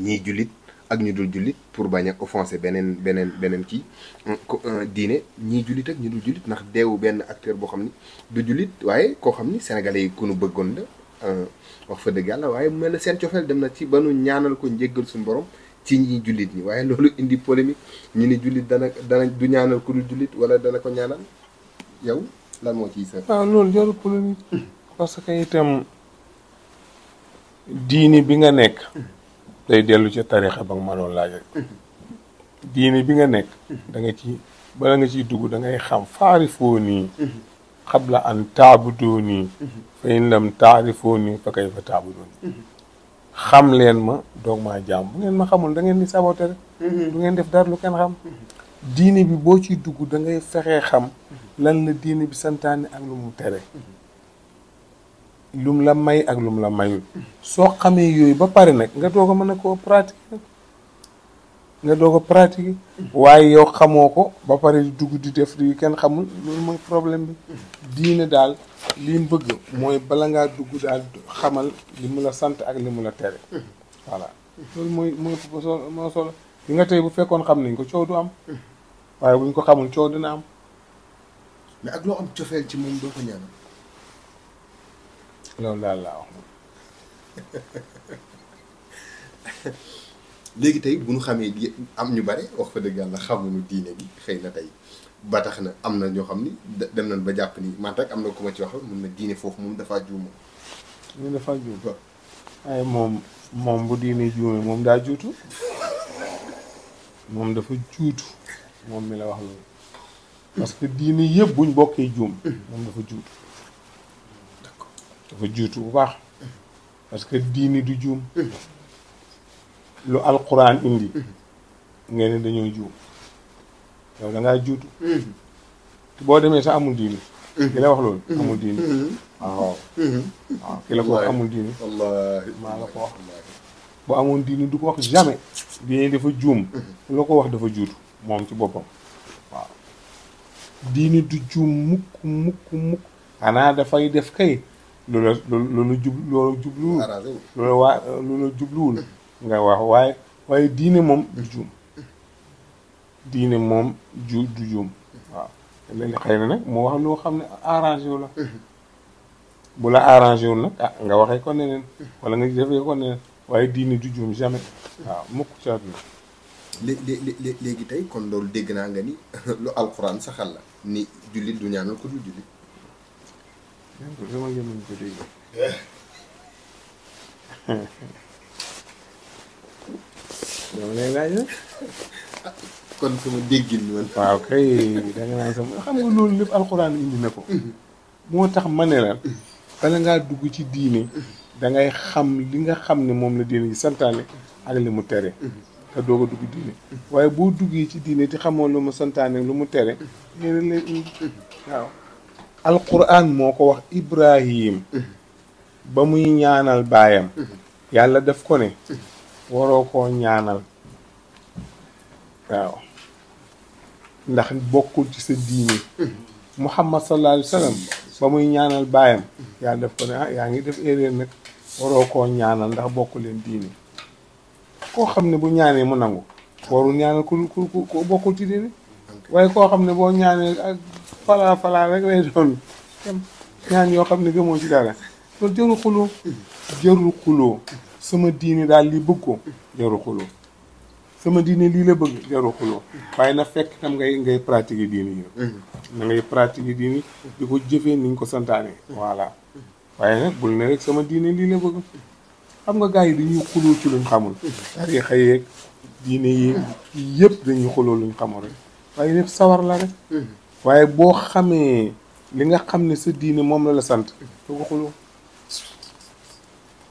ñiy jullit ak ñu dul jullit pour bañ a offensé beneen beneen beneen kii euh, euh, diine ñii jullit ak ñu dul jullit ndax deewu benn acteur boo xam ni du jullit waaye koo xam ni sénégalais yi ku nu bëggoon de euh, wax dëgg yàlla waaye mel na seen cofeel dem na ci ba ñaanal ko njéggal suñu borom ci ñi jullit ñi waaye loolu indi polémique ñu ni jullit dana dana du ñaanal ku dul jullit wala dana ko ñaanal yow lan moo ciy sa waaw ah, loolu jarul polémique parce que itam diine bi nga nekk day dellu ci tarixa ba nga ma doon laaj rek bi nga nekk da nga ci bala nga ciy dugg da ngay xam faarifoo nii xabla an taabudoo nii fa in lam foo nii fa kay fa taabudoo nii xam leen ma doog maa jaam bu ngeen ma xamul da ngeen di saboté rek du ngeen def dara lu kenn xam diine bi boo ciy dugg dangay ngay fexee xam lan la diine bi santaane ak lu mu tere lum la may ak lum la mayul soo xamee yooyu ba pare nag nga doog a mën a koo pratiquer nga doo ko pratiquer waaye yow xamoo ko ba pare dugg di def di kenn xamul loolu mooy problème bi diine daal li mu bëgg mooy bala ngaa dugg daal xamal li mu la sant ak li mu la tere voilà loolu mooy mooy moo solo li nga tey bu fekkoon xam nañ ko coow du am waaye buñ ko xamul coow dina am mais ak loo am cofeel ci moom doo ko ñaanal loolu daal laa wax léegi tey bu ñu xamee am ñu bare wax fa dëgg yàlla xamuñu diine gi xëy na tey ba tax na am na ñoo xam ni dem nañ ba jàpp ni man rek am na ku ma ci waxal mun na diine foofu moom dafa juuma. moom dafa moom moom juutu moom dafa juutu moom mi la wax loolu parce que diine yëpp buñ bokkee juum moom dafa juutu. dafa juutu bu baax parce que diini du juum lu alquran indi ngeen ne dañoo juum yow da ngaa juutu boo demee sax amul diini ki la wax loolu amul diini waaw waaw la ko amul diini wallaahi amoon diini du ko wax jamais diini dafa juum la ko wax dafa juutu moom ci boppam waaw diini du juum mukk mukk mukk xanaa dafay def kay lu la lu la jub loolu waa lu la jubluwul nga wax waaye waaye diine moom du juum diine moom ju du juum waaw léegi xëy na nag moo wax loo xam ne arrangé wu la bu la arrangé nag ah nga waxee ko neneen wala nga defee ko neneen waaye diine du juum jamais waaw mukk ci àdduna léegi tey kon loolu dégg naa nga ni lu alxuraan saxal la ni jullit du ñaanal ko du jullit ko dégg dama lay laaj kon sama déggin man waaw kay da naan sama xam nga loolu lépp alxuraan indi na ko moo tax ma ne la bala ngaa dugg ci diine dangay xam li nga xam ne moom la diine ji santaane ak li mu tere te doog a dugg diine waaye boo duggee ci diine te xamoon lu ma santaane lu mu tere léeg-léeg waaw alquran moo ko wax ibrahim ba muy ñaanal baayam yàlla def ko ne waroo koo ñaanal waaw ndax bokkul ci sa diini muhammad sallallahu alayhi wa ba muy ñaanal baayam yàlla def ko ne ah yaa ngi def erreur nag waroo koo ñaanal ndax bokku leen diini koo xam ne bu ñaanee mu nangu warul ñaanal ku ku ku bokkul ci diini waaye koo xam ne boo ñaanee falaa falaa rek lay doon ñaan yoo xam ne gëmoo ci dara loolu jarul xuloo jarul xuloo sama diine daal lii bëgg ko jarul xuloo sama lii la bëgg jarul xuloo waaye na fekk tam ngay ngay pratiquer diine yi mhm. na ngay yi diine di ko jëfee ni ñu ko santaane voilà waaye nag bul ne rek sama diine lii la bëgg xam nga gars yi dañuy xuloo ci luñ xamul tariixa yeeg diine yi yëpp dañuy xuloo luñ xamul rek waaye lépp sawar la rek mhm. waaye boo xamee li nga xam ne sa diine moom la la sant doo ko xuloo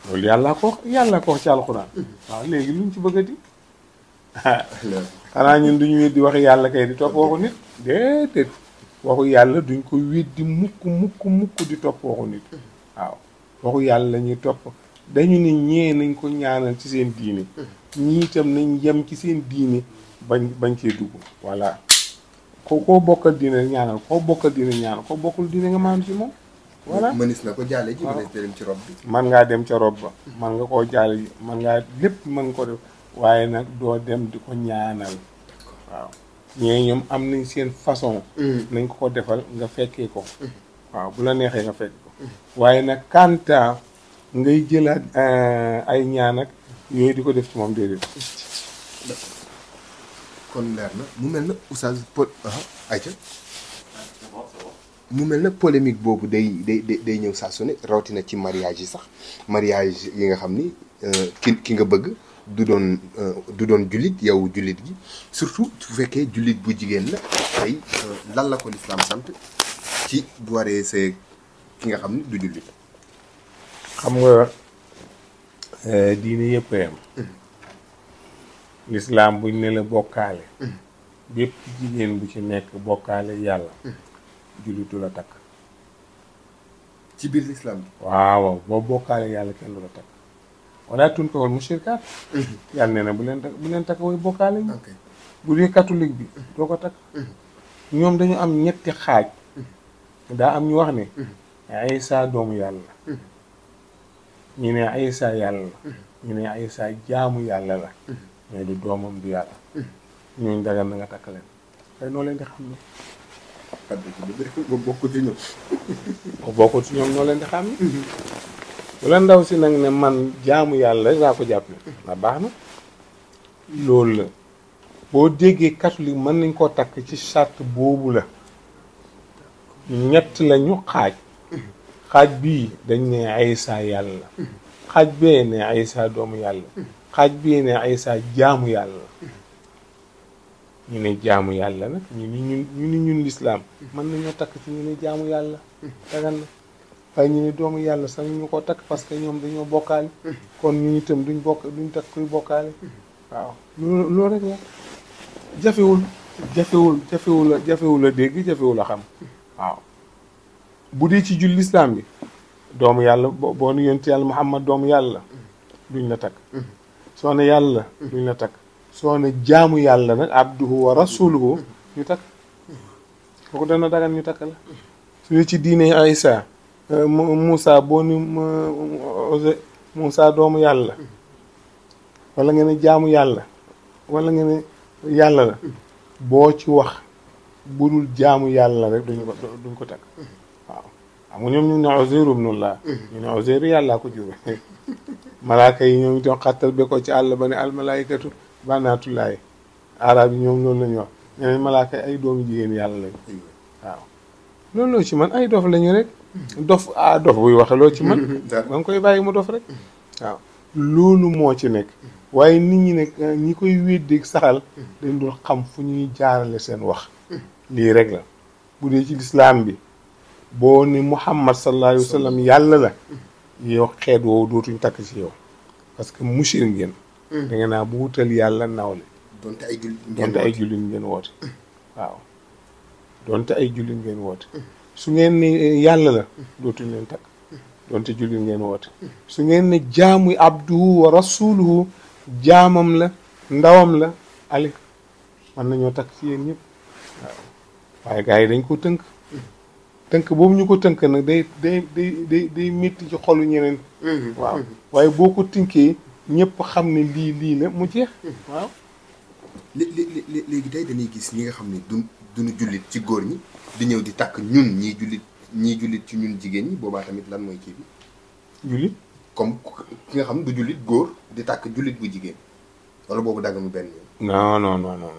loolu yàllaa ko yàlla yàllaa ko wax ci waaw léegi luñ ci bëgg a di xanaa ñun duñu weddi wax yàlla kay di topp waxu nit déedéet waxu yàlla duñ ko weddi mukk mukk mukk di topp waxu nit waaw waxu yàlla lañuy ñuy topp dañu ne ñee nañ ko ñaanal ci seen diine mm. ñii itam nañ yem ci seen diine bañ bañ cee dugg voilà ko koo bokkal diine ñaanal koo bokkal diine ñaanal koo bokkul diine nga maanu ci moom. voilà mënis na ko jaale ji. mënees dem ci rob man ngaa dem ca rob ba. man nga koo jaale ji man ngaa lépp mën ko def waaye nag doo dem di ko ñaanal. waaw ñee ñoom am nañ seen façon. Mm. nañ ko ko defal nga fekkee ko. Mm. waaw bu la neexee nga fekk ko. Mm. waaye nag kanta ngay jëlaat eh, ay ñaan ak yooyu di ko def ci moom déedéet. kon mu mel na oustaz po ah, ayca mu mel na polémique boobu day day day ñëw saa ne rawatina ci mariage yi sax mariage yi nga xam ni euh, ki ki nga bëgg du doon euh, du doon jullit yow jullit gi surtout su fekkee jullit bu jigéen la tey euh, lan la ko lislaam sant ci bu see ki nga xam ni du jullit. xam nga diine yëpp a lislaam buñ ne la bokkaale mm. bépp jigéen bu ci nekk bokkaale yàlla mm. jullitu la takk ci biir lislaam bi waaw boo bokkaale yàlla kenn lu la takk wala tun ko woon mushrikaat mm. yàlla nee na bu leen takk bu leen takk way bokkaale yi bu dee catholique bi doo ko takk ñoom dañu am ñetti xaaj daa am ñu wax ne Aïssa doomu yàlla la ñu ne Aïssa yàlla la ñu ne Aïssa jaamu yàlla la mais du doomam du yàlla. ñooñu dagan na nga takk leen. tey noo leen di xam ne. nga xam bu la ndaw si nag ne man jaamu yàlla rek laa ko jàppe na baax na. loolu la boo déggee catholique mën nañ koo takk ci charte boobu la ñett lañu ñu xaaj. xaaj bii dañ ne ay saa yàlla. xaaj bee ne Aysa doomu yàlla hmm. xaaj bee ne Aysa jaamu yàlla hmm. ñu ne jaamu yàlla nag ñu ni ñun lislaam hmm. mën nañoo takk ci ñu ne jaamu yàlla dagan na waaye ñu ne doomu yàlla sax ñu ko takk parce que ñoom dañoo bokkaale kon ñu itam duñ bokk duñ takk kuy bokkaale waaw loolu loolu la jafewul jafewul jafewul a jafewul a dégg jafewul a xam waaw bu dee ci jul lislaam bi doomu yàlla boo nu yonent yàlla Muhammad doomu yàlla duñ la takk mm-hmm. soo ne yàlla mm-hmm. duñ la takk soo ne jaamu yàlla nag abduhu wa rasuluhu mm-hmm. ñu takk kooku dana dagan ñu takk la su ci diine Isa euh, Moussa boo ni Moussa doomu yàlla wala nga ne jaamu yàlla walla nga yàlla la boo ci wax budul jaamu yàlla rek duñ ko duñ ko takk xam ñoom ñu ne Uzayr ibnullah mm-hmm. ñu ne Uzayr yàllaa ko jur malaaka yi ñoom itam xattal be ko ci àll ba ne almalaykatu banaatullaay arab yi ñoom loolu la ñu wax ñeneen malaaka yi ay doomu jigéen yàlla lañ man ay dof lañu rek mm-hmm. dof ah dof buy loo ci man ba mm-hmm. koy bàyyi mu dof rek waaw loolu moo ci nekk waaye nit ñi nag euh, ñi koy weddi saxal dañ dul xam fu ñuy jaarale seen wax lii rek la bu dee ci lislaam bi boo ni muhammad sallallahu alayhi wa yàlla la yow xeet woowu dootuñu takk ci yow parce que mushir ngeen mm. da nga naa bu wutal yàlla nawle donte ay jullit mm. ay jullit ngeen woote ay jullit ngeen woote ngeen ni eh, yàlla la mm. dootuñu leen takk donte jullit ngeen woote su ngeen ne jaamu abduhu wa rasuluhu jaamam la ndawam la ali mën nañoo takk ci yéen ñëpp waaw waaye gars yi dañ ko tënk tënk boobu ñu ko tënk nag day day day day day métti ci xolu ñeneen. Mm-hmm. waaw mm-hmm. waaye boo ko tënkee ñëpp xam ne lii lii la mu jeex. Mm-hmm. waaw. léegi tey dañuy gis ñi nga xam ne du duñu jullit ci góor ñi di ñëw di takk ñun ñii jullit ñii jullit ci ñun jigéen ñi boobaa tamit lan mooy kii bi. jullit comme ki nga xam ne du jullit góor di takk jullit bu jigéen wala boobu dagg mu benn yoon. non non non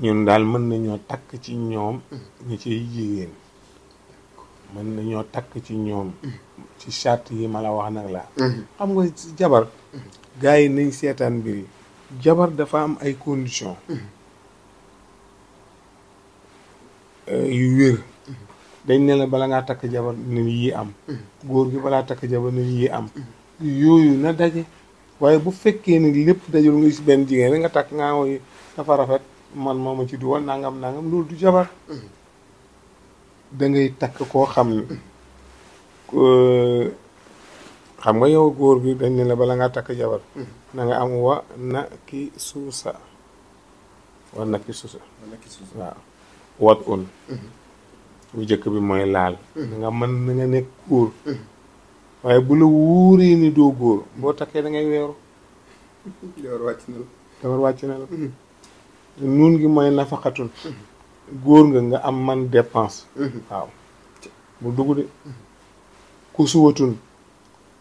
ñun daal mën nañoo takk ci ñoom ñu ciy jigéen mën nañoo takk ci ñoom ci charte yi ma la wax nag laa xam nga jabar gars yi nañ seetaan mbir yi jabar dafa am ay condition yu wér dañ ne la bala ngaa takk jabar na yi am góor gi balaa takk jabar na yi am yooyu na daje waaye bu fekkee ne lépp dajul nga gis benn jigéen rek nga takk nga woy dafa rafet man moo ma ci duwal nangam nangam loolu du jabar mm-hmm. da takk koo xam ne euh, xam nga yow góor bi dañ ne bala ngaa takk jabar mm-hmm. na nga am wa na ki suusa wa na ki suusa waaw wat un mm-hmm. bu jëkk bi mooy laal na nga mën na nga nekk góor waaye bu la wóoree ni doo góor boo takkee da ngay weeru jabar wàcc na la jabar na la nuun gi mooy nafaqatun góor nga nga am man dépense waaw bu dugg de kusuwatun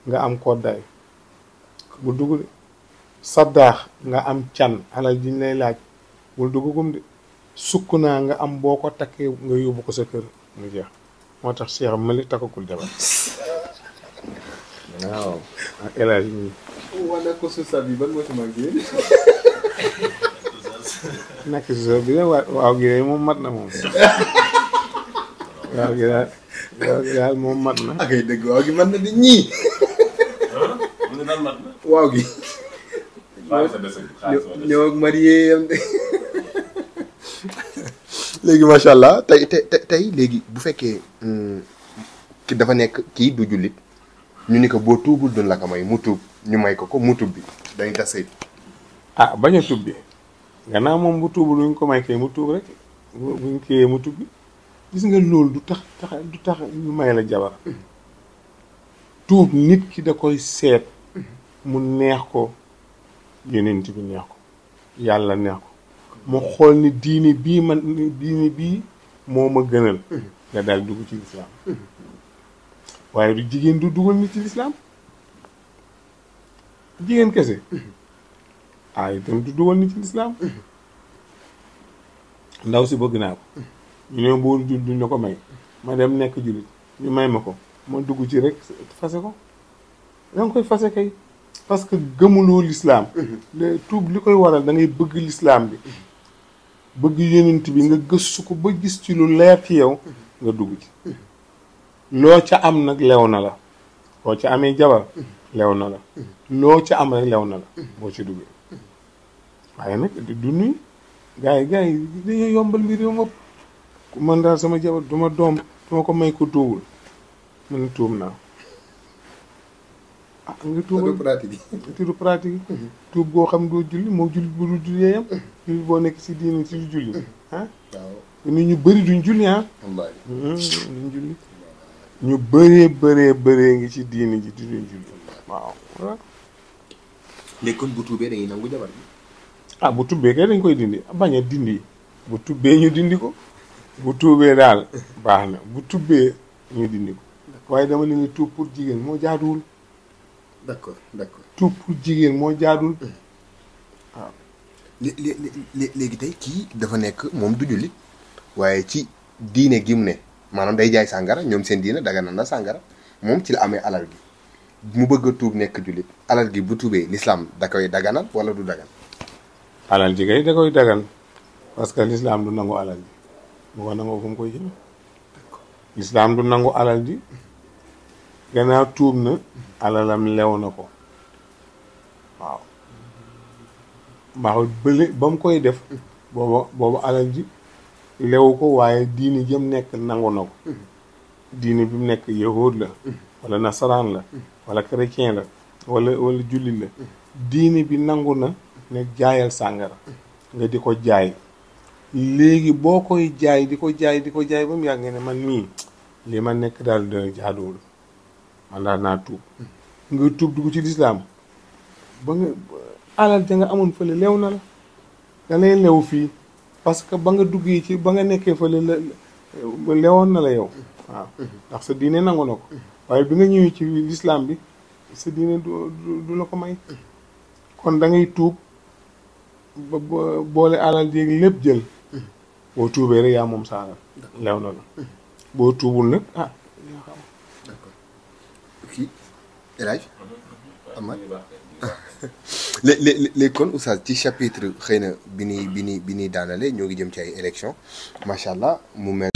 nga am koddaay bu dugg de saddaax nga am can alal ji ñu lay laaj bul duggagum de sukk naa nga am boo ko takkee nga yóbbu ko sa kër mu moo tax Cheikh Malick takkagul jabar waaw ak El mi wane ko su sab yi ban moo ci mag nekk si suuf bi de waaw gi de moom mat na moom. waaw gi daal waaw gi daal moom mat na. ak ay waaw gi mat na di ñii. yam de. léegi macha allah tey tey tey léegi bu fekkee hmm, ki dafa nekk kii du jullit ñu ni ko boo tuubul doon la may mu tuub ñu may ko ko mu tuub bi dañ tas ah bañ tuub bi. gannaaw moom bu tuubul lu ñu ko may kay mu tuub rek mu gis nga loolu tax ñu may la jabar tuub nit ki da koy seet mu neex ko yonent bi neex ko yàlla neex ko mu xool ni diini bii ma diini bii moo ma gënal nga daal dugg ci lislaam waaye du jigéen du dugal nit ci lislaam jigéen kese aay itam du dugal nit lislaam ndaw si bëgg naa ko ñu ne bu woon duñ la ko may ma dem nekk jullit ñu may ma ko ma dugg ci rek fase ko da nga koy fase kay parce que gëmuloo lislaam le mm-hmm. tuub li koy waral da ngay bëgg lislaam bi mm-hmm. bëgg yonent bi nga gëstu ko ba gis ci lu leer ci yow mm-hmm. nga dugg ci loo ca am nag lew na la boo ca amee jabar lew na la loo ca am rek lew na la boo ci duggee waaye nag du nuyu gars yi dañoo yombal mbir yi moom man daal sama jabar duma doom du ko may ko tuubul man tuub naa. Ah, nga tuubal pratique yi tuubu pratique yi. Mm-hmm. tuub bu mm-hmm. boo nekk si diine si du mm-hmm. ah? ñu bëri duñ julli ah. wallaahi duñ julli. ngi ci diine ji duñ julli waaw. léegi kon tuubee dañuy nangu jabar bi. ah bu tubbee kay dañ koy dindi bañ a dindi bu tubbee ñu dindi ko bu tuubee daal baax na bu tubbee ñu dindi ko waaye dama li ni tuub pour jigéen moo jaaduwul d'accord d'accord jigéen moo jaaduwul waaw lé léegi tey kii dafa nekk moom du jullit waaye ci diine gi mu ne maanaam day jaay sàngara ñoom seen diine daga na la sàngara moom ci la amee alal gi mu bëgg a tuub nekk jullit alal gi bu tuubee lislaam da koy daganal wala du dagan alal ji kay da koy dagan parce que l'islam du nangu alal ji bu ko nangoo fu mu koy jël l'islam du nangu alal ji gannaaw tuub na alalam lew na ko waaw mbaaxul bële ba mu koy def booba boobu alal ji lewu ko waaye diini jëm nekk nangu na ko diini bi mu nekk yahud la wala nasaraan la wala chrétien la walla wala jullit la diini bi nangu na ne jaayal sàngara nga di ko jaay léegi boo koy jaay di ko jaay di ko jaay ba mu yàgg nga ne man mii li ma nekk daal dina jaaduwul man daal naa tuub nga tuub dugg ci lislaam ba nga nga amoon fële leew na la lew fii parce que ba nga duggee ci ba nga nekkee fële lewoon na la yow waaw ndax sa diine nangu na ko waaye bi nga ñëwee ci lislaam bi sa diine du la ko may kon da tuub ba boole alal jéeg lépp jël boo tuubee rek yaa moom saalal lew na la boo tuubul nag ah yaa xam d'accord kii kon oustaz ci chapitre xëy na bi ñuy bi ñuy bi ñuy daanale ñoo ngi jëm ci ay élection macha allah mu mel